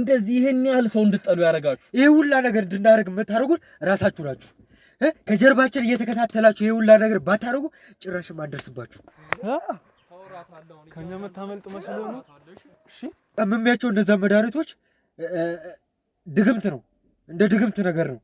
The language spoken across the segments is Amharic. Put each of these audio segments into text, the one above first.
እንደዚህ ይሄን ያህል ሰው እንድጠሉ ያደርጋችሁ ይሄ ሁላ ነገር እንድናደርግ የምታደርጉን ራሳችሁ ናችሁ። ከጀርባችን እየተከታተላችሁ ይሄ ሁላ ነገር ባታደርጉ ጭራሽም ማደርስባችሁ ከኛ መታመልጥ መስሎ ነው። እሺ ቀምሚያቸው እነዛ መድኃኒቶች ድግምት ነው፣ እንደ ድግምት ነገር ነው።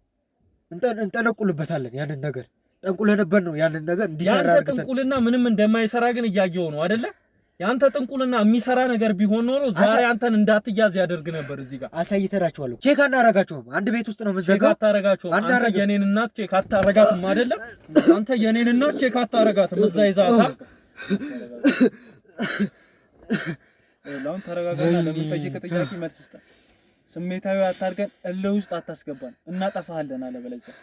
እንጠነቁልበታለን ያንን ነገር ጠንቁለንበት ነው ያንን ነገር እንዲሰራ ጥንቁልና ምንም እንደማይሰራ ግን እያየው ነው አደለም? ያንተ ጥንቁልና የሚሰራ ነገር ቢሆን ኖሮ ዛሬ አንተን እንዳትያዝ ያደርግ ነበር። እዚህ ጋር አሳይተናቸዋለሁ። ቼክ አናረጋችሁም። አንድ ቤት ውስጥ ነው የምንዘጋው። አታረጋችሁም። አንተ የኔን እናት ቼክ አታረጋትም አይደለም? አንተ የኔን እናት ቼክ አታረጋትም። እዛ ይዛታ ለአሁን ተረጋጋና ለምንጠይቅ ጥያቄ መልስ ስጠን። ስሜታዊ አታርገን፣ እልህ ውስጥ አታስገባን። እናጠፋሃለን። አለበለዚያ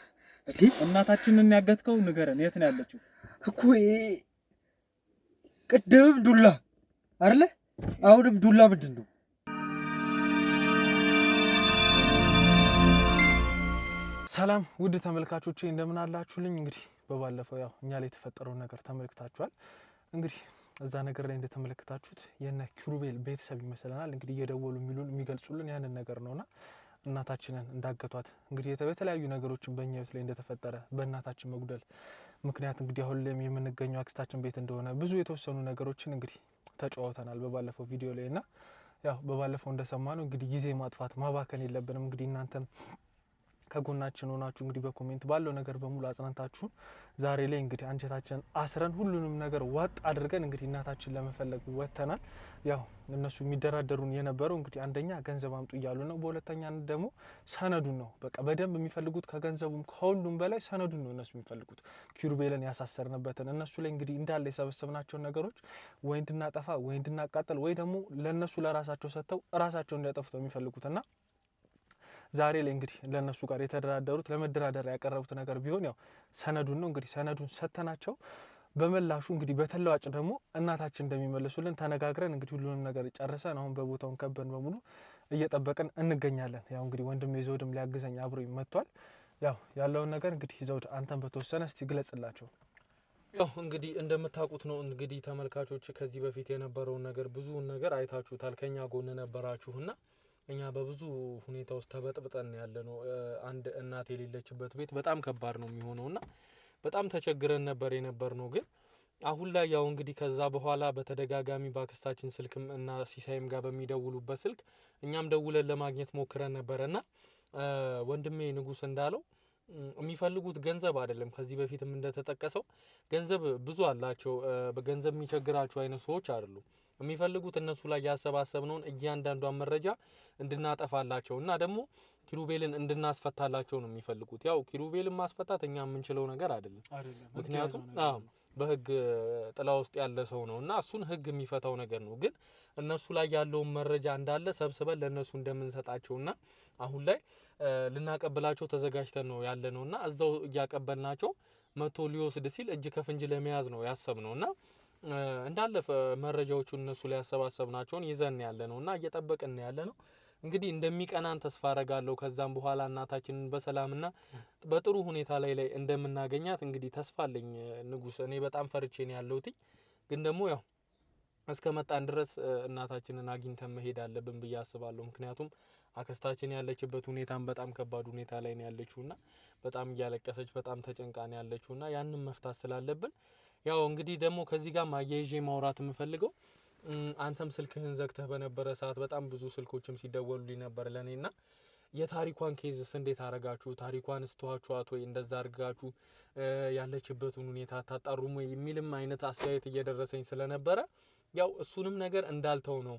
እናታችንን ያገትከው ንገረን፣ የት ነው ያለችው? እኮ ቅድምም ዱላ አይደለ? አሁንም ዱላ ምንድን ነው? ሰላም ውድ ተመልካቾቼ እንደምን አላችሁልኝ? እንግዲህ በባለፈው ያው እኛ ላይ የተፈጠረውን ነገር ተመልክታችኋል። እንግዲህ እዛ ነገር ላይ እንደተመለከታችሁት የነ ኪሩቤል ቤተሰብ ይመስለናል እንግዲህ እየደወሉ የሚሉን የሚገልጹልን ያንን ነገር ነውና እናታችንን እንዳገቷት እንግዲህ የተለያዩ ነገሮችን በእኛ ህይወት ላይ እንደተፈጠረ በእናታችን መጉደል ምክንያት እንግዲህ አሁን ላይም የምንገኘው አክስታችን ቤት እንደሆነ ብዙ የተወሰኑ ነገሮችን እንግዲህ ተጫወተናል በባለፈው ቪዲዮ ላይ እና ያው በባለፈው እንደሰማ ነው እንግዲህ ጊዜ ማጥፋት ማባከን የለብንም እንግዲህ እናንተም ከጎናችን ሆናችሁ እንግዲህ በኮሜንት ባለው ነገር በሙሉ አጽናንታችሁን ዛሬ ላይ እንግዲህ አንጀታችንን አስረን ሁሉንም ነገር ወጥ አድርገን እንግዲህ እናታችን ለመፈለግ ወጥተናል። ያው እነሱ የሚደራደሩን የነበረው እንግዲህ አንደኛ ገንዘብ አምጡ እያሉ ነው። በሁለተኛ ደግሞ ሰነዱን ነው። በቃ በደንብ የሚፈልጉት ከገንዘቡም ከሁሉም በላይ ሰነዱን ነው እነሱ የሚፈልጉት። ኪሩቤልን ያሳሰርንበትን እነሱ ላይ እንግዲህ እንዳለ የሰበሰብናቸውን ነገሮች ወይ እንድናጠፋ ወይ እንድናቃጠል ወይ ደግሞ ለእነሱ ለራሳቸው ሰጥተው ራሳቸው እንዲያጠፉት የሚፈልጉትና ዛሬ ላይ እንግዲህ ለእነሱ ጋር የተደራደሩት ለመደራደር ያቀረቡት ነገር ቢሆን ያው ሰነዱን ነው እንግዲህ ሰነዱን ሰጥተናቸው በመላሹ እንግዲህ በተለዋጭ ደግሞ እናታችን እንደሚመለሱልን ተነጋግረን እንግዲህ ሁሉንም ነገር ጨርሰን አሁን በቦታውን ከበን በሙሉ እየጠበቅን እንገኛለን። ያው እንግዲህ ወንድም የዘውድም ሊያግዘኝ አብሮ መጥቷል። ያው ያለውን ነገር እንግዲህ ዘውድ አንተን በተወሰነ እስቲ ግለጽላቸው። ያው እንግዲህ እንደምታውቁት ነው እንግዲህ ተመልካቾች ከዚህ በፊት የነበረውን ነገር ብዙውን ነገር አይታችሁታል። ከኛ ጎን ነበራችሁና እኛ በብዙ ሁኔታ ውስጥ ተበጥብጠን ያለ ነው። አንድ እናት የሌለችበት ቤት በጣም ከባድ ነው የሚሆነው እና በጣም ተቸግረን ነበር የነበር ነው ግን አሁን ላይ ያው እንግዲህ ከዛ በኋላ በተደጋጋሚ በአክስታችን ስልክም እና ሲሳይም ጋር በሚደውሉበት ስልክ እኛም ደውለን ለማግኘት ሞክረን እና ወንድሜ ንጉስ እንዳለው የሚፈልጉት ገንዘብ አይደለም። ከዚህ በፊትም እንደተጠቀሰው ገንዘብ ብዙ አላቸው። በገንዘብ የሚቸግራቸው አይነት ሰዎች አይደሉም። የሚፈልጉት እነሱ ላይ ያሰባሰብነውን እያንዳንዷን መረጃ እንድናጠፋላቸው እና ደግሞ ኪሩቤልን እንድናስፈታላቸው ነው የሚፈልጉት። ያው ኪሩቤልን ማስፈታት እኛ የምንችለው ነገር አይደለም። ምክንያቱም በህግ ጥላ ውስጥ ያለ ሰው ነው እና እሱን ህግ የሚፈታው ነገር ነው። ግን እነሱ ላይ ያለውን መረጃ እንዳለ ሰብስበን ለእነሱ እንደምንሰጣቸው እና አሁን ላይ ልናቀብላቸው ተዘጋጅተን ነው ያለ ነው እና እዛው እያቀበልናቸው መቶ ሊወስድ ሲል እጅ ከፍንጅ ለመያዝ ነው ያሰብ ነው እና እንዳለፈ መረጃዎቹ እነሱ ላይ ያሰባሰብናቸውን ይዘን ያለ ነው እና እየጠበቅን ያለ ነው። እንግዲህ እንደሚቀናን ተስፋ አረጋለሁ። ከዛም በኋላ እናታችንን በሰላምና በጥሩ ሁኔታ ላይ ላይ እንደምናገኛት እንግዲህ ተስፋ አለኝ። ንጉስ፣ እኔ በጣም ፈርቼ ነው ያለሁት፣ ግን ደግሞ ያው እስከ መጣን ድረስ እናታችንን አግኝተን መሄድ አለብን ብዬ አስባለሁ። ምክንያቱም አክስታችን ያለችበት ሁኔታን በጣም ከባድ ሁኔታ ላይ ነው ያለችውና በጣም እያለቀሰች በጣም ተጨንቃ ነው ያለችውና ያንን መፍታት ስላለብን ያው እንግዲህ ደግሞ ከዚህ ጋር ማያይዤ ማውራት የምፈልገው አንተም ስልክህን ዘግተህ በነበረ ሰዓት በጣም ብዙ ስልኮችም ሲደወሉልኝ ነበር ና የታሪኳን ኬዝስ እንዴት አረጋችሁ? ታሪኳን ስተዋችኋት ወይ? እንደዛ አርጋችሁ ያለችበትን ሁኔታ ታጣሩም ወይ የሚልም አይነት አስተያየት እየደረሰኝ ስለነበረ ያው እሱንም ነገር እንዳልተው ነው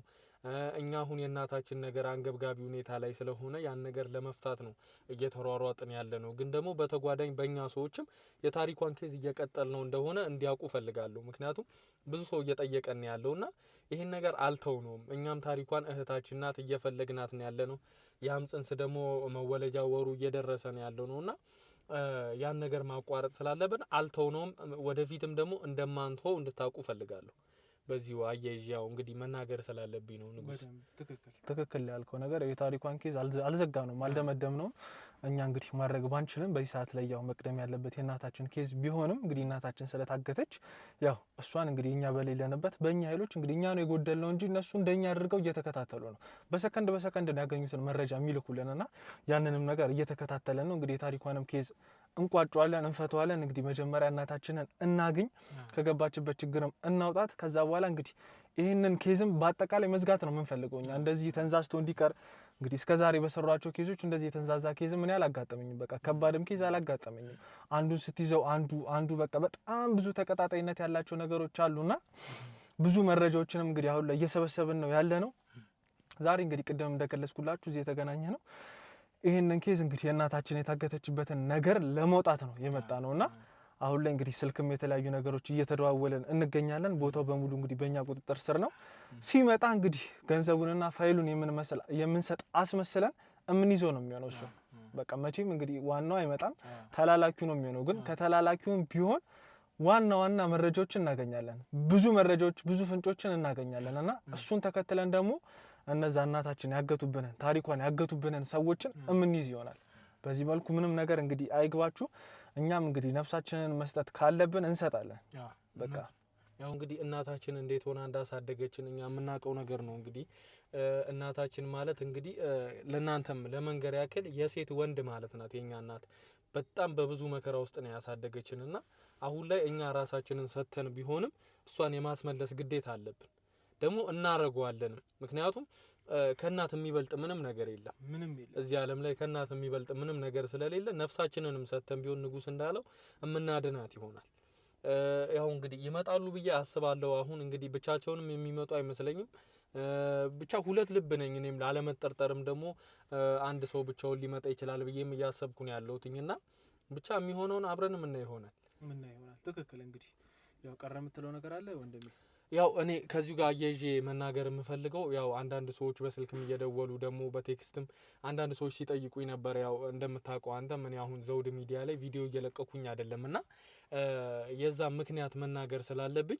እኛ አሁን የእናታችን ነገር አንገብጋቢ ሁኔታ ላይ ስለሆነ ያን ነገር ለመፍታት ነው እየተሯሯጥን ያለ ነው። ግን ደግሞ በተጓዳኝ በእኛ ሰዎችም የታሪኳን ኬዝ እየቀጠል ነው እንደሆነ እንዲያውቁ ፈልጋለሁ። ምክንያቱም ብዙ ሰው እየጠየቀን ና ይህን ነገር አልተው ነውም። እኛም ታሪኳን እህታችን ናት እየፈለግናት ነው ያለ ነው። ያም ጽንስ ደግሞ መወለጃ ወሩ እየደረሰ ነው ያለው ነውና ያን ነገር ማቋረጥ ስላለብን አልተው ነውም። ወደፊትም ደግሞ እንደማንተው እንድታውቁ ፈልጋለሁ። በዚሁ አያይዤ ያው እንግዲህ መናገር ስላለብኝ ነው። ንጉስ ትክክል ያልከው ነገር የታሪኳን ኬዝ አልዘጋ ነው አልደመደም ነው። እኛ እንግዲህ ማድረግ ባንችልም በዚህ ሰዓት ላይ ያው መቅደም ያለበት የእናታችን ኬዝ ቢሆንም እንግዲህ እናታችን ስለታገተች ያው እሷን እንግዲህ እኛ በሌለንበት በእኛ ኃይሎች እንግዲህ እኛ ነው የጎደል ነው እንጂ እነሱ እንደኛ አድርገው እየተከታተሉ ነው። በሰከንድ በሰከንድ ያገኙትን መረጃ የሚልኩልንና ያንንም ነገር እየተከታተለን ነው። እንግዲህ የታሪኳንም ኬዝ እንቋጫዋለን፣ እንፈተዋለን። እንግዲህ መጀመሪያ እናታችንን እናግኝ፣ ከገባችበት ችግርም እናውጣት። ከዛ በኋላ እንግዲህ ይህንን ኬዝም በአጠቃላይ መዝጋት ነው የምንፈልገው እኛ እንደዚህ ተንዛዝቶ እንዲቀር እንግዲህ እስከ ዛሬ በሰሯቸው ኬዞች እንደዚህ የተንዛዛ ኬዝ ምን አላጋጠመኝም። በቃ ከባድም ኬዝ አላጋጠመኝም። አንዱን ስትይዘው አንዱ አንዱ በቃ በጣም ብዙ ተቀጣጣይነት ያላቸው ነገሮች አሉና ብዙ መረጃዎችንም እንግዲህ አሁን ላይ እየሰበሰብን ነው ያለ ነው። ዛሬ እንግዲህ ቅድም እንደገለጽኩላችሁ እዚህ የተገናኘ ነው ይህንን ኬዝ እንግዲህ እናታችን የታገተችበትን ነገር ለመውጣት ነው የመጣ ነው እና አሁን ላይ እንግዲህ ስልክም የተለያዩ ነገሮች እየተደዋወለን እንገኛለን። ቦታው በሙሉ እንግዲህ በእኛ ቁጥጥር ስር ነው። ሲመጣ እንግዲህ ገንዘቡንና ፋይሉን የምንሰጥ አስመስለን እምንይዘው ነው የሚሆነው እሱ በቃ መቼም እንግዲህ ዋናው አይመጣም፣ ተላላኪው ነው የሚሆነው። ግን ከተላላኪውም ቢሆን ዋና ዋና መረጃዎችን እናገኛለን፣ ብዙ መረጃዎች፣ ብዙ ፍንጮችን እናገኛለን እና እሱን ተከትለን ደግሞ እነዛ እናታችን ያገቱብንን ታሪኳን ያገቱብንን ሰዎችን እምንይዝ ይሆናል። በዚህ መልኩ ምንም ነገር እንግዲህ አይግባችሁ። እኛም እንግዲህ ነፍሳችንን መስጠት ካለብን እንሰጣለን። በቃ ያው እንግዲህ እናታችን እንዴት ሆና እንዳሳደገችን እኛ የምናውቀው ነገር ነው። እንግዲህ እናታችን ማለት እንግዲህ ለእናንተም ለመንገር ያክል የሴት ወንድ ማለት ናት። የኛ እናት በጣም በብዙ መከራ ውስጥ ነው ያሳደገችን እና አሁን ላይ እኛ ራሳችንን ሰጥተን ቢሆንም እሷን የማስመለስ ግዴታ አለብን። ደግሞ እናረገዋለን ምክንያቱም ከእናት የሚበልጥ ምንም ነገር የለም። ምንም እዚህ ዓለም ላይ ከእናት የሚበልጥ ምንም ነገር ስለሌለ ነፍሳችንንም ሰጥተን ቢሆን ንጉስ እንዳለው የምናድናት ይሆናል። ያው እንግዲህ ይመጣሉ ብዬ አስባለሁ። አሁን እንግዲህ ብቻቸውንም የሚመጡ አይመስለኝም። ብቻ ሁለት ልብ ነኝ እኔም ላለመጠርጠርም ደግሞ አንድ ሰው ብቻውን ሊመጣ ይችላል ብዬም እያሰብኩ ነው ያለሁትኝ እና ብቻ የሚሆነውን አብረን ምና ይሆናል ምና ይሆናል። ትክክል እንግዲህ ያው ቀረ የምትለው ነገር አለ ወንድሜ? ያው እኔ ከዚሁ ጋር አያይዤ መናገር የምፈልገው ያው አንዳንድ ሰዎች በስልክም እየደወሉ ደግሞ በቴክስትም አንዳንድ ሰዎች ሲጠይቁኝ ነበር። ያው እንደምታውቀው አንተ እኔ አሁን ዘውድ ሚዲያ ላይ ቪዲዮ እየለቀኩኝ አይደለም እና የዛ ምክንያት መናገር ስላለብኝ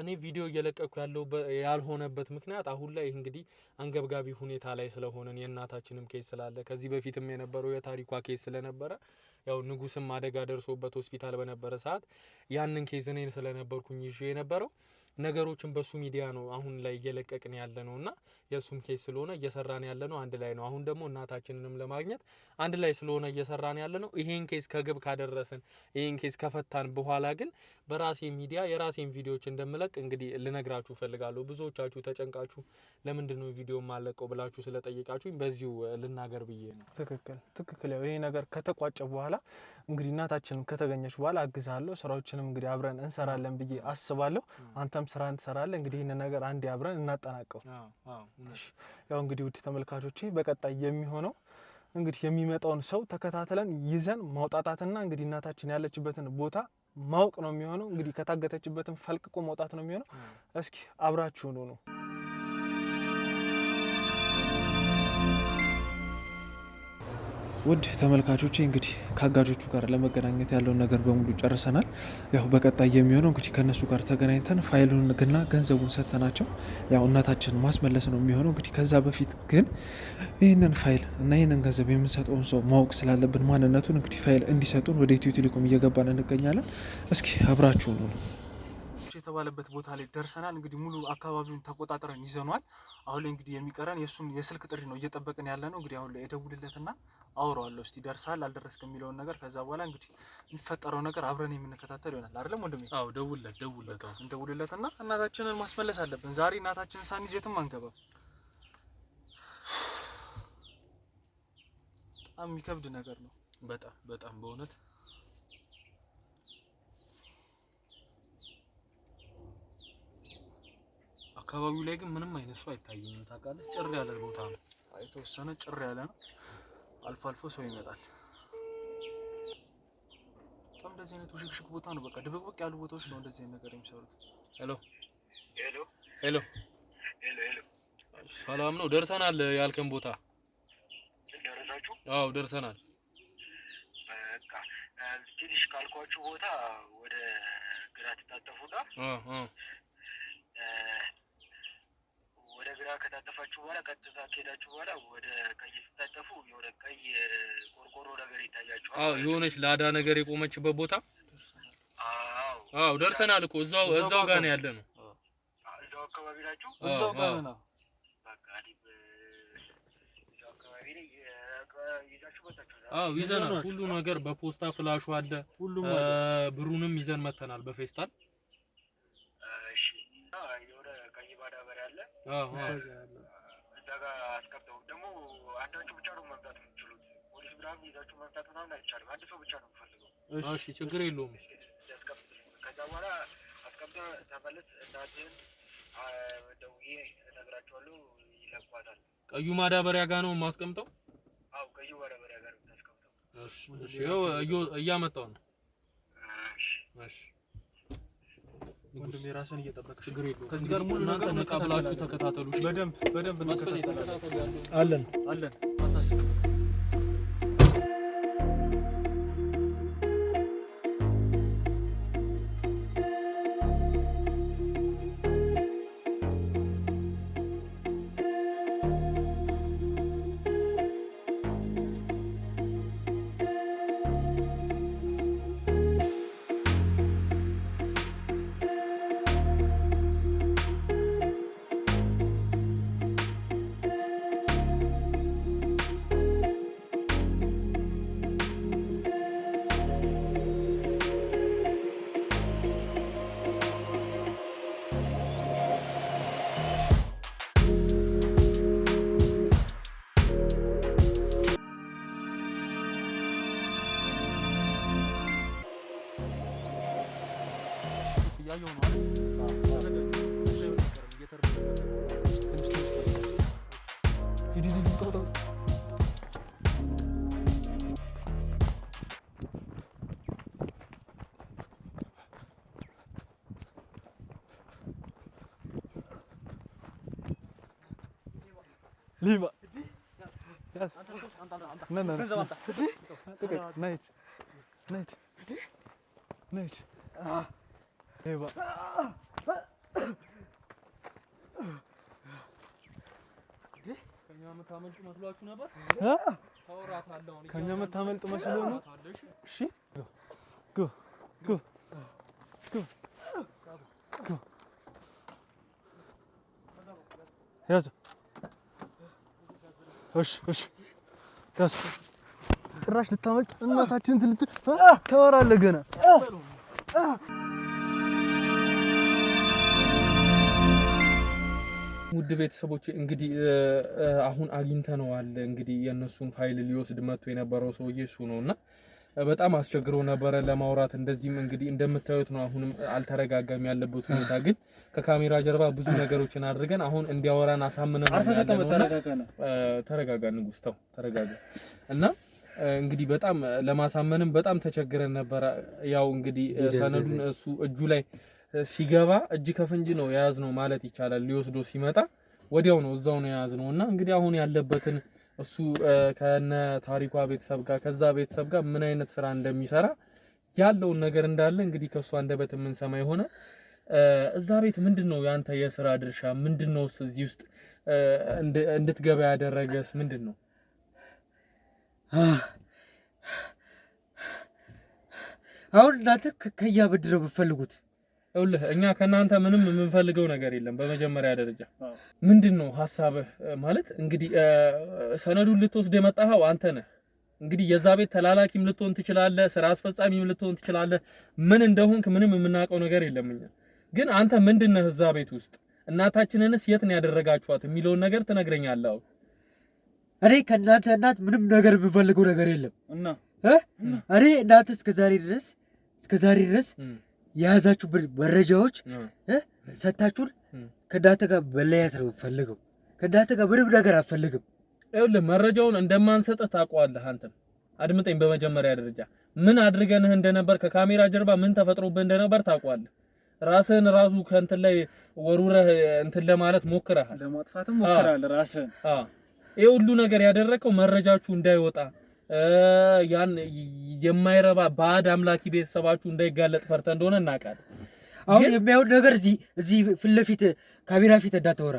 እኔ ቪዲዮ እየለቀኩ ያለው ያልሆነበት ምክንያት አሁን ላይ እንግዲህ አንገብጋቢ ሁኔታ ላይ ስለሆንን የእናታችንም ኬስ ስላለ ከዚህ በፊትም የነበረው የታሪኳ ኬስ ስለነበረ ያው ንጉስም አደጋ ደርሶበት ሆስፒታል በነበረ ሰዓት ያንን ኬዝ እኔ ስለነበርኩኝ ይዤ የነበረው ነገሮችን በሱ ሚዲያ ነው አሁን ላይ እየለቀቅን ያለ ነው እና የእሱም ኬስ ስለሆነ እየሰራን ያለ ነው አንድ ላይ ነው። አሁን ደግሞ እናታችንንም ለማግኘት አንድ ላይ ስለሆነ እየሰራን ያለ ነው። ይሄን ኬስ ከግብ ካደረስን ይሄን ኬስ ከፈታን በኋላ ግን በራሴ ሚዲያ የራሴን ቪዲዮዎች እንደምለቅ እንግዲህ ልነግራችሁ እፈልጋለሁ። ብዙዎቻችሁ ተጨንቃችሁ ለምንድን ነው ቪዲዮ ማለቀው ብላችሁ ስለጠየቃችሁኝ በዚሁ ልናገር ብዬ ነው። ትክክል ትክክል። ይሄ ነገር ከተቋጨ በኋላ እንግዲህ እናታችንም ከተገኘች በኋላ አግዛለሁ፣ ስራዎችንም እንግዲህ አብረን እንሰራለን ብዬ አስባለሁ። አንተም ስራ እንሰራለን። እንግዲህ ይህን ነገር አንዴ አብረን እናጠናቀው። ያው እንግዲህ ውድ ተመልካቾቼ በቀጣይ የሚሆነው እንግዲህ የሚመጣውን ሰው ተከታትለን ይዘን ማውጣጣትና እንግዲህ እናታችን ያለችበትን ቦታ ማወቅ ነው የሚሆነው። እንግዲህ ከታገተችበትን ፈልቅቆ መውጣት ነው የሚሆነው። እስኪ አብራችሁን ነው ውድ ተመልካቾች እንግዲህ ከአጋጆቹ ጋር ለመገናኘት ያለውን ነገር በሙሉ ጨርሰናል። ያው በቀጣይ የሚሆነው እንግዲህ ከእነሱ ጋር ተገናኝተን ፋይሉን ግና ገንዘቡን ሰጥተናቸው ያው እናታችን ማስመለስ ነው የሚሆነው። እንግዲህ ከዛ በፊት ግን ይህንን ፋይል እና ይህንን ገንዘብ የምንሰጠውን ሰው ማወቅ ስላለብን ማንነቱን እንግዲህ ፋይል እንዲሰጡን ወደ ኢትዮ ቴሌኮም እየገባን እንገኛለን። እስኪ አብራችሁ ነው የተባለበት ቦታ ላይ ደርሰናል። እንግዲህ ሙሉ አካባቢውን ተቆጣጥረን ይዘኗል። አሁን ላይ እንግዲህ የሚቀረን የእሱን የስልክ ጥሪ ነው እየጠበቅን ያለ ነው። እንግዲህ አሁን ላይ የደውልለትና አውረዋለሁ። እስቲ ደርሳል አልደረስክ የሚለውን ነገር ከዛ በኋላ እንግዲህ የሚፈጠረው ነገር አብረን የምንከታተል ይሆናል። አይደለም ወንድሜ? አዎ፣ ደውለት ደውልለት፣ እንደውልለት እና እናታችንን ማስመለስ አለብን። ዛሬ እናታችንን ሳንይዝ የትም አንገባም። በጣም የሚከብድ ነገር ነው። በጣም በጣም በእውነት አካባቢው ላይ ግን ምንም አይነሱ ሰው አይታየኝም። ታውቃለህ፣ ጭር ያለ ቦታ ነው። የተወሰነ ጭር ያለ ነው። አልፎ አልፎ ሰው ይመጣል። በጣም እንደዚህ አይነት ውሽግሽግ ቦታ ነው። በቃ ድብቅብቅ ያሉ ቦታዎች ነው እንደዚህ አይነት ነገር የሚሰሩት። ሄሎ ሄሎ ሄሎ ሄሎ፣ ሰላም ነው? ደርሰናል ያልከን ቦታ ደረሳችሁ? አዎ ደርሰናል። በቃ ትንሽ ካልኳችሁ ቦታ ወደ ግራ ትታጠፉና ግራ ከታጠፋችሁ በኋላ ቀጥታ ከሄዳችሁ በኋላ ወደ ቀይ ስታጠፉ የሆነ ቀይ ቆርቆሮ ነገር ይታያችኋል። የሆነች ላዳ ነገር የቆመችበት ቦታ። አዎ ደርሰናል እኮ እዛው እዛው ጋር ነው ያለ ነው። እዛው አካባቢ ናችሁ? እዛው ጋር ነው አዎ ይዘናል። ሁሉ ነገር በፖስታ ፍላሹ አለ። ሁሉም ብሩንም ይዘን መተናል በፌስታል አስቀምጠው ደግሞ ብቻ ነው መምጣት ፖሊስ ምናምን አይቻልም። አንድ ሰው ብቻ ነው እሺ፣ ችግር የለውም። ከዛ በኋላ አስቀምጠ ቀዩ ማዳበሪያ ጋ ነው የማስቀምጠው። አው ቀዩ ማዳበሪያ ጋ ነው የምታስቀምጠው። እሺ፣ እያመጣው ነው። እሺ ወንድም የራስን እየጠበቅ ችግር የለውም። ከዚህ ጋር ሙሉ ነገር ተከታተሉ። በደንብ በደንብ አለን አለን Ne ne ne. Super. Nate. Nate. Nate. Eyvah. ከኛ መታመልጥ መስሎ ነው። እሺ ጎ ጎ ጎ ጎ ያዘው። እሺ እሺ ጭራሽ ልታመልጥ እናታችንን ትልት ተወራለህ ገና ውድ ቤተሰቦች እንግዲህ አሁን አግኝተነዋል። እንግዲህ የእነሱን ፋይል ሊወስድ መጥቶ የነበረው ሰውዬ እሱ ነው እና በጣም አስቸግሮ ነበረ ለማውራት። እንደዚህም እንግዲህ እንደምታዩት ነው። አሁንም አልተረጋጋም ያለበት ሁኔታ። ግን ከካሜራ ጀርባ ብዙ ነገሮችን አድርገን አሁን እንዲያወራን አሳምነን ተረጋጋ፣ ንጉስ ተው ተረጋጋ እና እንግዲህ በጣም ለማሳመንም በጣም ተቸግረን ነበረ። ያው እንግዲህ ሰነዱን እሱ እጁ ላይ ሲገባ እጅ ከፍንጅ ነው ነው ማለት ይቻላል። ሊወስዶ ሲመጣ ወዲያው ነው እዛው ነው የያዝነው እና እንግዲህ አሁን ያለበትን እሱ ከነ ታሪኳ ቤተሰብ ጋር ከዛ ቤተሰብ ጋር ምን አይነት ስራ እንደሚሰራ ያለውን ነገር እንዳለ እንግዲህ ከእሱ አንደበት የምንሰማ የሆነ እዛ ቤት ምንድን ነው ያንተ የስራ ድርሻ ምንድን ነው? እዚህ ውስጥ እንድትገባ ያደረገስ ምንድን ነው? አሁን እናንተ ከያ ብፈልጉት ይኸውልህ እኛ ከእናንተ ምንም የምንፈልገው ነገር የለም። በመጀመሪያ ደረጃ ምንድን ነው ሀሳብህ? ማለት እንግዲህ ሰነዱን ልትወስድ የመጣኸው አንተ ነህ። እንግዲህ የዛ ቤት ተላላኪም ልትሆን ትችላለህ፣ ስራ አስፈጻሚም ልትሆን ትችላለህ። ምን እንደሆንክ ምንም የምናውቀው ነገር የለም። እኛ ግን አንተ ምንድን ነህ እዛ ቤት ውስጥ? እናታችንንስ የት ነው ያደረጋችኋት የሚለውን ነገር ትነግረኛለህ። እኔ ከእናንተ እናት ምንም ነገር የምፈልገው ነገር የለም። እኔ እናት እስከዛሬ ድረስ እስከዛሬ ድረስ የያዛችሁ መረጃዎች ሰታችሁን ከዳተ ጋር መለያየት ነው ፈልገው። ከዳተ ጋር ምንም ነገር አልፈልግም። ይኸውልህ መረጃውን እንደማንሰጥህ ታውቀዋለህ። አንተም አድምጠኝ። በመጀመሪያ ደረጃ ምን አድርገንህ እንደነበር ከካሜራ ጀርባ ምን ተፈጥሮብህ እንደነበር ታውቀዋለህ። ራስህን ራሱ ከእንትን ላይ ወሩረህ እንትን ለማለት ሞክረሃል፣ ለማጥፋትም ሞክረሃል ራስህን። ይህ ሁሉ ነገር ያደረከው መረጃችሁ እንዳይወጣ ያን የማይረባ ባዕድ አምላኪ ቤተሰባችሁ እንዳይጋለጥ ፈርተ እንደሆነ እናውቃለን። አሁን የሚያዩት ነገር እዚህ እዚህ ፊት ለፊት ካሜራ ፊት እንዳታወራ።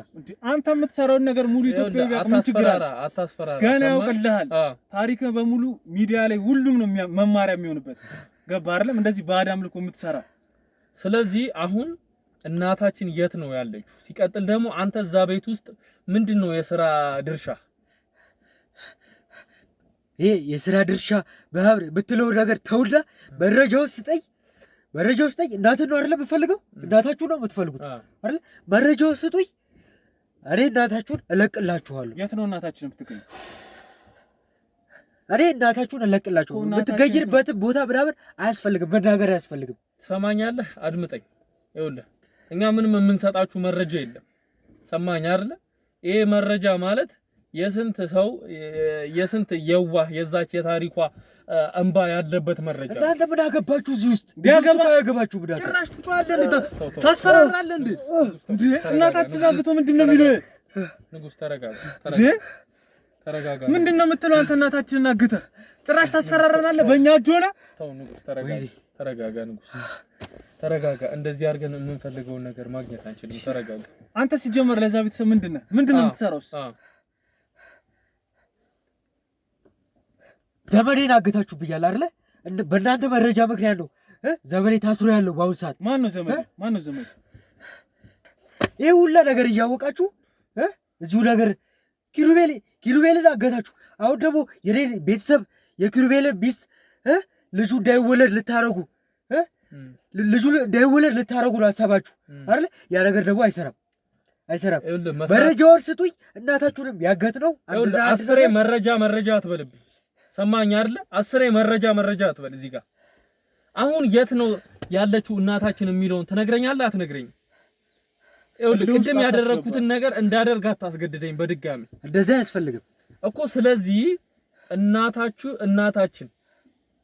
አንተ የምትሰራውን ነገር ሙሉ ኢትዮጵያ ቢያውቅ ምን ችግር አለ? አታስፈራራ። ገና ያውቅልሃል። ታሪክ በሙሉ ሚዲያ ላይ ሁሉም ነው መማሪያ የሚሆንበት። ገባ አይደለም? እንደዚህ ባዕድ አምልኮ የምትሰራ ስለዚህ አሁን እናታችን የት ነው ያለችው? ሲቀጥል ደግሞ አንተ እዛ ቤት ውስጥ ምንድን ነው የስራ ድርሻ ይሄ የስራ ድርሻ በሀብር ብትለው ነገር ተውላ መረጃ ውስጥ መረጃው መረጃ ውስጥ ስጠኝ። እናትን ነው አይደለ የምፈልገው? እናታችሁ ነው የምትፈልጉት አይደለ? መረጃው ስጡኝ፣ እኔ እናታችሁን እለቅላችኋለሁ። የት ነው እናታችን የምትገኝ? እኔ እናታችሁን እለቅላችኋለሁ። የምትገኝበትን ቦታ ምናምን አያስፈልግም፣ መናገር አያስፈልግም። ሰማኛለህ? አድምጠኝ። ይኸውልህ እኛ ምንም የምንሰጣችሁ መረጃ የለም። ሰማኝ አይደለ? ይሄ መረጃ ማለት የስንት ሰው የስንት የዋህ የዛች የታሪኳ እንባ ያለበት መረጃ እናንተ ምን አገባችሁ እዚህ ውስጥ ቢያገባ ያገባችሁ ብዳ ጭራሽ ትጫዋለህ ታስፈራራለህ እንዴ እንዴ እናታችን አግቶ ምንድን ነው የሚለው ንጉስ ተረጋጋ ተረጋጋ ምንድን ነው የምትለው አንተ እናታችንን አግተህ ጭራሽ ታስፈራራናለህ በእኛ እጅ ሆነ ተው ንጉስ ተረጋጋ ተረጋጋ ንጉስ ተረጋጋ። እንደዚህ አድርገን የምንፈልገውን ነገር ማግኘት አንችልም። ተረጋጋ። አንተ ሲጀመር ለዛ ቤተሰብ ምንድን ነህ? ምንድን ነው የምትሰራውስ? ዘመዴን አገታችሁ ብያል አይደለ? በእናንተ መረጃ ምክንያት ነው ዘመዴ ታስሮ ያለው በአሁኑ ሰዓት። ማነው ነው ዘመዴ? ማን ዘመዴ? ይህ ሁላ ነገር እያወቃችሁ እዚሁ ነገር ኪሩቤል ኪሩቤልን አገታችሁ። አሁን ደግሞ የኔ ቤተሰብ የኪሩቤል ሚስት ልጁ እንዳይወለድ ልታረጉ ልጁ እንዳይወለድ ልታረጉ ነው ሀሳባችሁ አይደለ? ያ ነገር ደግሞ አይሰራም አይሰራም። መረጃውን ስጡኝ። እናታችሁንም ያገት ነው። አስሬ መረጃ መረጃ አትበልብኝ ሰማኝ አይደለ? አስሬ መረጃ መረጃ አትበል። እዚህ ጋር አሁን የት ነው ያለችው እናታችን የሚለውን ትነግረኛለህ አትነግረኝ? ይኸውልህ ቅድም ያደረኩትን ነገር እንዳደርግ አታስገድደኝ በድጋሚ። እንደዛ አያስፈልግም እኮ ስለዚህ እናታችሁ እናታችን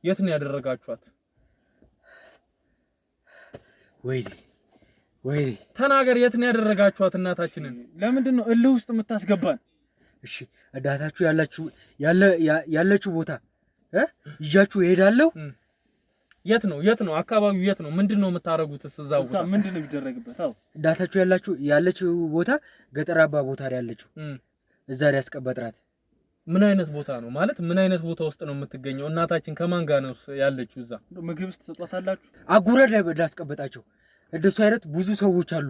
የት ነው ያደረጋችኋት? ወይኔ ወይኔ ተናገር፣ የት ነው ያደረጋችኋት እናታችንን? ለምንድን ነው እልህ ውስጥ የምታስገባን? እሺ እዳታችሁ ያላችሁ ያለችው ቦታ ይዣችሁ እሄዳለሁ። የት ነው የት ነው አካባቢው የት ነው? ምንድን ነው የምታደርጉት? እዛ ቦታ ምንድን ነው የሚደረግበት? አዎ እዳታችሁ ያላችሁ ያለችው ቦታ ገጠራባ ቦታ ላይ ያለችው እዛ ላይ ያስቀበጥራት። ምን አይነት ቦታ ነው ማለት ምን አይነት ቦታ ውስጥ ነው የምትገኘው? እናታችን ከማን ጋር ነው ያለችው? እዛ ውስጥ ትሰጧታላችሁ? አጉረ ላይ እንዳስቀበጣቸው እንደሱ አይነት ብዙ ሰዎች አሉ።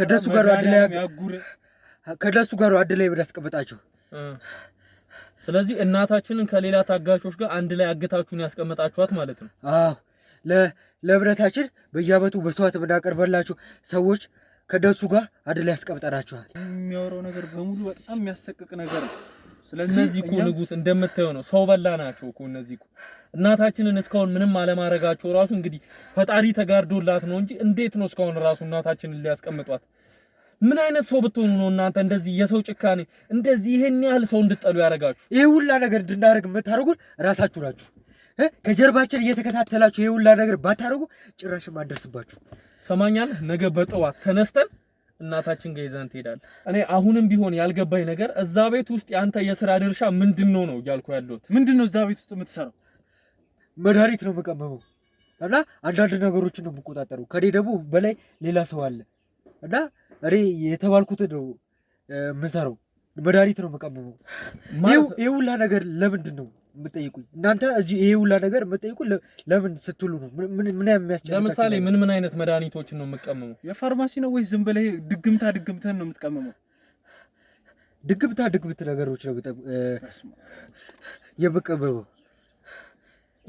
ከደሱ ጋር አድላ ከእነሱ ጋር አንድ ላይ ምን ያስቀመጣቸው። ስለዚህ እናታችንን ከሌላ ታጋሾች ጋር አንድ ላይ አግታችሁን ያስቀመጣችኋት ማለት ነው። አዎ ለእምነታችን በየዓመቱ መስዋዕት የምናቀርበላቸው ሰዎች ከደሱ ጋር አንድ ላይ ያስቀምጠናቸዋል። የሚያወራው ነገር በሙሉ በጣም የሚያሰቅቅ ነገር ነው። እነዚህ እኮ ንጉስ እንደምታየው ነው፣ ሰው በላ ናቸው እኮ እነዚህ እኮ እናታችንን እስካሁን ምንም አለማድረጋቸው ራሱ እንግዲህ ፈጣሪ ተጋርዶላት ነው እንጂ እንዴት ነው እስካሁን ራሱ እናታችንን ሊያስቀምጧት ምን አይነት ሰው ብትሆኑ ነው እናንተ እንደዚህ የሰው ጭካኔ እንደዚህ ይሄን ያህል ሰው እንድጠሉ ያደርጋችሁ? ይሄ ሁላ ነገር እንድናደርግ የምታደርጉን ራሳችሁ ናችሁ። ከጀርባችን እየተከታተላችሁ ይሄ ሁላ ነገር ባታደርጉ ጭራሽ አደርስባችሁ። ሰማኛል። ነገ በጠዋት ተነስተን እናታችን ጋር ይዘን ትሄዳለህ። እኔ አሁንም ቢሆን ያልገባኝ ነገር እዛ ቤት ውስጥ ያንተ የስራ ድርሻ ምንድነው ነው እያልኩ ያለሁት። ምንድነው እዛ ቤት ውስጥ የምትሰራው? መድኃኒት ነው የምቀመመው እና አንዳንድ ነገሮችን ነው የምቆጣጠረው። ከኔ ደግሞ በላይ ሌላ ሰው አለ እና እኔ የተባልኩት ነው የምንሰራው። መድኃኒት ነው የምቀምመው። ይህ ሁላ ነገር ለምንድን ነው የምጠይቁኝ? እናንተ እዚህ ይህ ሁላ ነገር የምጠይቁ ለምን ስትሉ ነው? ምን የሚያስቸ ለምሳሌ ምን ምን አይነት መድኃኒቶችን ነው የምቀምመው? የፋርማሲ ነው ወይስ ዝም ብለህ ድግምታ ድግምትን ነው የምትቀምመው? ድግምታ ድግምት ነገሮች ነው የምቀምመው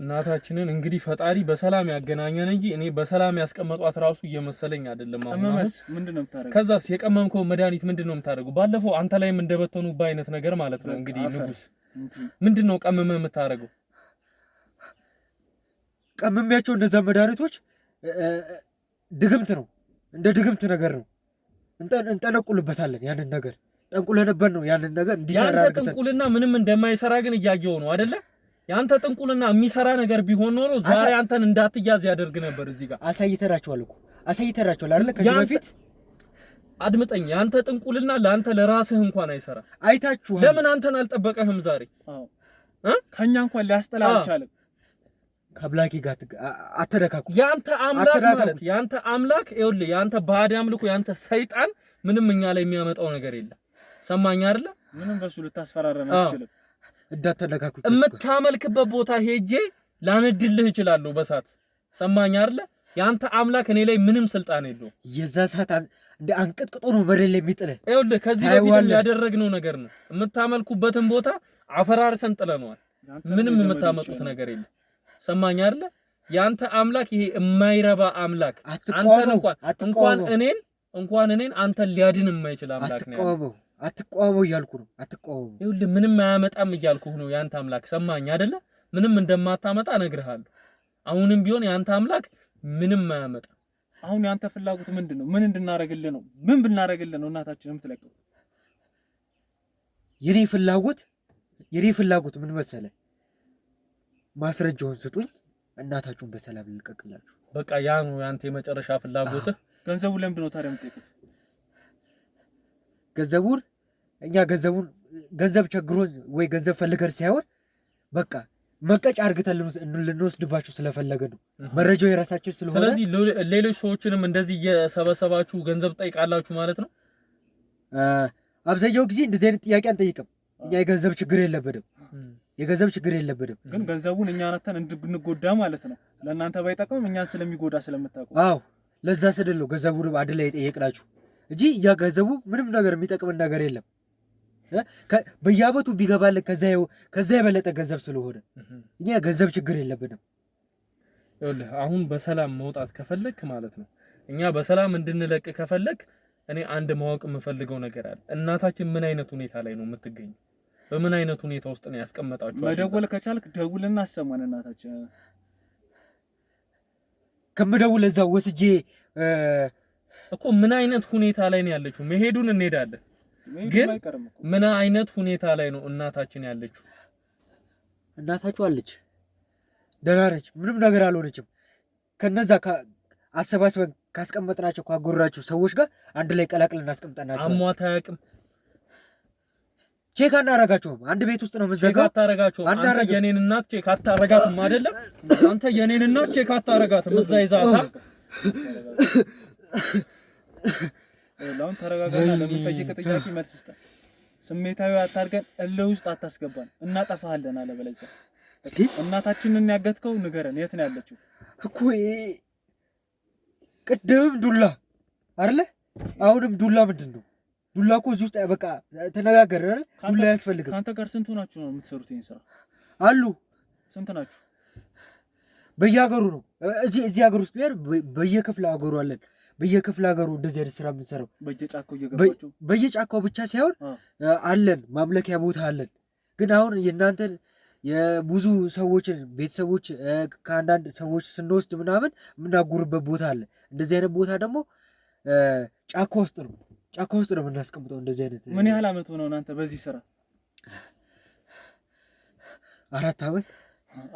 እናታችንን እንግዲህ ፈጣሪ በሰላም ያገናኘን እንጂ እኔ በሰላም ያስቀመጧት ራሱ እየመሰለኝ አይደለም። አሁንስ ምንድነው ከዛስ የቀመምከው መድኃኒት ምንድነው የምታደርገው? ባለፈው አንተ ላይም እንደበተኑብህ አይነት ነገር ማለት ነው። እንግዲህ ንጉስ ምንድነው ቀምመህ የምታደርገው? ቀምሜያቸው እነዛ መድኃኒቶች ድግምት ነው፣ እንደ ድግምት ነገር ነው። እንጠነቁልበታለን ያንን ነገር ጠንቁለንበት ነው ያንን ነገር እንዲሰራ ያንተ ጥንቁልና ምንም እንደማይሰራ ግን እያየው ነው አይደለ ያንተ ጥንቁልና የሚሰራ ነገር ቢሆን ኖሮ ዛሬ አንተን እንዳትያዝ ያደርግ ነበር። እዚህ ጋር አሳይተራቸዋል እኮ አሳይተራቸዋል አይደል? ከዚህ በፊት አድምጠኝ። ያንተ ጥንቁልና ለአንተ ለራስህ እንኳን አይሰራ። አይታችሁ ለምን አንተን አልጠበቀህም ዛሬ? ከኛ እንኳን ሊያስጠላ አልቻለም። ከብላኪ ጋር አተደካኩ። ያንተ አምላክ ማለት ያንተ አምላክ ይኸውልህ፣ ያንተ ባዕድ አምልኮ፣ ያንተ ሰይጣን ምንም እኛ ላይ የሚያመጣው ነገር የለም። ሰማኝ አይደለ? ምንም በሱ ልታስፈራራን አትችልም። እንዳተነካኩ እምታመልክበት ቦታ ሄጄ ላነድልህ እችላለሁ በሳት ሰማኝ አይደለ? የአንተ አምላክ እኔ ላይ ምንም ስልጣን የለውም። የዛ ሰዓት አንቀጥቅጦ ነው በደል የሚጥልህ። ይኸውልህ ከዚህ በፊት ያደረግነው ነገር ነው። የምታመልኩበትን ቦታ አፈራርሰን ጥለነዋል። ምንም የምታመጡት ነገር የለም። ሰማኝ አይደለ? የአንተ አምላክ ይሄ የማይረባ አምላክ አንተን እንኳን እኔን እንኳን እኔን አንተን ሊያድን የማይችል አምላክ ነው። አትቋወሙ እያልኩ ነው። አትቋወሙ ይኸውልህ፣ ምንም አያመጣም እያልኩ ነው። የአንተ አምላክ ሰማኝ አይደለ? ምንም እንደማታመጣ እነግርሃለሁ። አሁንም ቢሆን የአንተ አምላክ ምንም አያመጣም። አሁን ያንተ ፍላጎት ምንድን ነው? ምን እንድናረግልህ ነው? ምን ብናረግልህ ነው እናታችን የምትለቀው? የኔ ፍላጎት የኔ ፍላጎት ምን መሰለ? ማስረጃውን ስጡኝ፣ እናታችሁን በሰላም ልልቀቅላችሁ። በቃ ያ ነው ያንተ የመጨረሻ ፍላጎትህ። ገንዘቡ ለምንድን ነው ታዲያ የምትጠይቁት? ገንዘቡን እኛ ገንዘቡን ገንዘብ ቸግሮን ወይ ገንዘብ ፈልገን ሳይሆን በቃ መቀጫ አርግተን ልንወስድባችሁ ስለፈለገ ነው። መረጃው የራሳችን ስለሆነ፣ ስለዚህ ሌሎች ሰዎችንም እንደዚህ እየሰበሰባችሁ ገንዘብ ጠይቃላችሁ ማለት ነው። አብዛኛው ጊዜ እንደዚህ አይነት ጥያቄ አንጠይቅም። እኛ የገንዘብ ችግር የለብንም፣ የገንዘብ ችግር የለብንም። ግን ገንዘቡን እኛ ነተን እንድንጎዳ ማለት ነው። ለእናንተ ባይጠቅምም እኛን ስለሚጎዳ ስለምታውቁ፣ አዎ ለዛ ስደለው ነው ገንዘቡንም አንድ የጠየቅናችሁ እንጂ እኛ ገንዘቡ ምንም ነገር የሚጠቅምን ነገር የለም። በየአመቱ ቢገባልን ከዛ የበለጠ ገንዘብ ስለሆነ እኛ ገንዘብ ችግር የለብንም። አሁን በሰላም መውጣት ከፈለክ ማለት ነው እኛ በሰላም እንድንለቅ ከፈለክ እኔ አንድ ማወቅ የምፈልገው ነገር አለ። እናታችን ምን አይነት ሁኔታ ላይ ነው የምትገኝ? በምን አይነት ሁኔታ ውስጥ ነው ያስቀመጣችሁ? መደወል ከቻልክ ደውል እናሰማን። እናታችን ከምደውል እዛ ወስጄ እኮ ምን አይነት ሁኔታ ላይ ነው ያለችው? መሄዱን እንሄዳለን ግን ምን አይነት ሁኔታ ላይ ነው እናታችን ያለችው? እናታችሁ አለች፣ ደህና ነች፣ ምንም ነገር አልሆነችም። ከነዛ አሰባስበን ካስቀመጥናቸው ካጎራቸው ሰዎች ጋር አንድ ላይ ቀላቅለን አስቀምጠናቸው። አሟት አያውቅም። ቼክ አናረጋቸውም። አንድ ቤት ውስጥ ነው ምዘጋ። የምትዘጋው። አታረጋቸውም። አንተ የኔን እናት ቼክ አታረጋትም አይደለም? አንተ የኔን እናት ቼክ አታረጋትም። እዛ ይዛታ ለአሁን ተረጋጋና ለምንጠይቅ ጥያቄ መልስ ስጠ። ስሜታዊ አታርገን፣ እልህ ውስጥ አታስገባን፣ እናጠፋሃለን። አለ በለዚያ። እናታችንን ያገትከው ንገረን፣ የት ነው ያለችው? እኮ ቅድም ዱላ አለ፣ አሁንም ዱላ ምንድን ነው? ዱላ እኮ እዚህ ውስጥ በቃ ተነጋገር። ዱላ ያስፈልግም። ከአንተ ጋር ስንት ሆናችሁ ነው የምትሰሩት ይህን ስራ? አሉ ስንት ናችሁ? በየሀገሩ ነው እዚህ እዚህ ሀገር ውስጥ ብሄር በየክፍለ ሀገሩ አለን። በየክፍለ ሀገሩ እንደዚህ አይነት ስራ የምንሰራው በየጫካው ብቻ ሳይሆን አለን፣ ማምለኪያ ቦታ አለን። ግን አሁን የእናንተን የብዙ ሰዎችን ቤተሰቦች ከአንዳንድ ሰዎች ስንወስድ ምናምን የምናጉርበት ቦታ አለ። እንደዚህ አይነት ቦታ ደግሞ ጫካ ውስጥ ነው፣ ጫካ ውስጥ ነው የምናስቀምጠው። እንደዚህ አይነት ምን ያህል አመት ሆነው እናንተ በዚህ ስራ? አራት አመት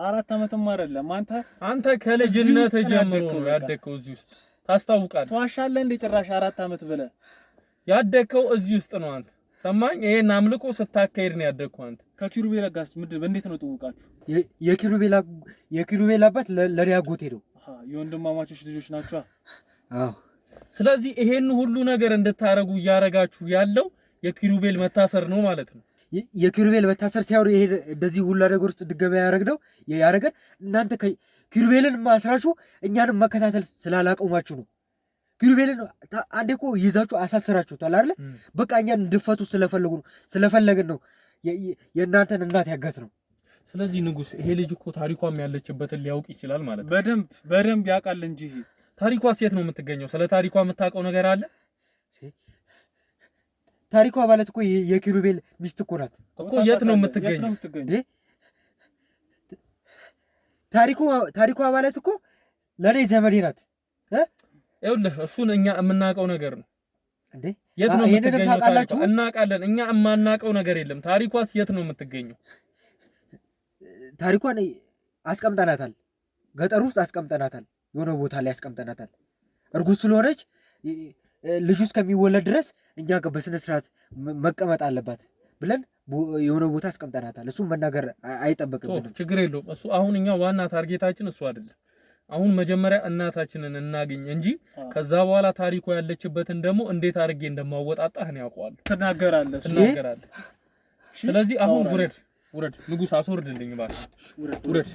አራት አመትም አይደለም። አንተ አንተ ከልጅነት ጀምሮ ያደግከው እዚህ ውስጥ ታስታውቃለህ። ተዋሻለህ እንደ ጭራሽ አራት ዓመት ብለህ ያደግከው እዚህ ውስጥ ነው አንተ። ሰማኝ። ይሄን አምልኮ ስታካሄድ ነው ያደግከው አንተ። ከኪሩቤል ጋርስ ምንድን እንዴት ነው ጥውቃችሁ? የኪሩቤል የኪሩቤል አባት ለሪያጎት አጎቴ ነው። የወንድማማቾች ልጆች ናቸው። አዎ። ስለዚህ ይሄን ሁሉ ነገር እንድታረጉ እያረጋችሁ ያለው የኪሩቤል መታሰር ነው ማለት ነው። የኪሩቤል መታሰር ሲያወሩ ይሄ እንደዚህ ሁሉ ነገር ውስጥ ድገማ ያረግነው ያረገን እናንተ ኪሩቤልን ማስራችሁ እኛንም መከታተል ስላላቀማችሁ ነው። ኪሩቤልን አንዴ እኮ ይዛችሁ አሳስራችሁታል አይደለ? በቃ እኛን እንድፈቱ ስለፈለጉ ነው ስለፈለግን ነው የእናንተን እናት ያጋት ነው። ስለዚህ ንጉስ፣ ይሄ ልጅ እኮ ታሪኳም ያለችበትን ሊያውቅ ይችላል ማለት ነው። በደንብ በደንብ ያውቃል እንጂ ታሪኳ ሴት ነው የምትገኘው። ስለ ታሪኳ የምታውቀው ነገር አለ? ታሪኳ ማለት እኮ የኪሩቤል ሚስት እኮ ናት እኮ። የት ነው የምትገኘው? ታሪኩ ታሪኩ አባላት እኮ ለኔ ዘመዴ ናት። ይኸውልህ እሱን እኛ የምናውቀው ነገር ነው እንዴ? የት ነው የምትገኘው? እናውቃለን። እኛ የማናውቀው ነገር የለም። ታሪኳስ የት ነው የምትገኘው? ታሪኳን አስቀምጠናታል፣ ገጠር ውስጥ አስቀምጠናታል፣ የሆነ ቦታ ላይ አስቀምጠናታል። እርጉዝ ስለሆነች ልጁ እስከሚወለድ ድረስ እኛ በስነ ስርዓት መቀመጥ አለባት ብለን የሆነ ቦታ አስቀምጠናታል። እሱም መናገር አይጠበቅብንም። ችግር የለውም እሱ። አሁን እኛ ዋና ታርጌታችን እሱ አይደለም። አሁን መጀመሪያ እናታችንን እናገኝ እንጂ ከዛ በኋላ ታሪኮ ያለችበትን ደግሞ እንዴት አድርጌ እንደማወጣጣህ ነው ያውቀዋል። ትናገራለህ ትናገራለህ። ስለዚህ አሁን ውረድ ውረድ፣ ንጉሥ አስወርድልኝ እባክህ ውረድ።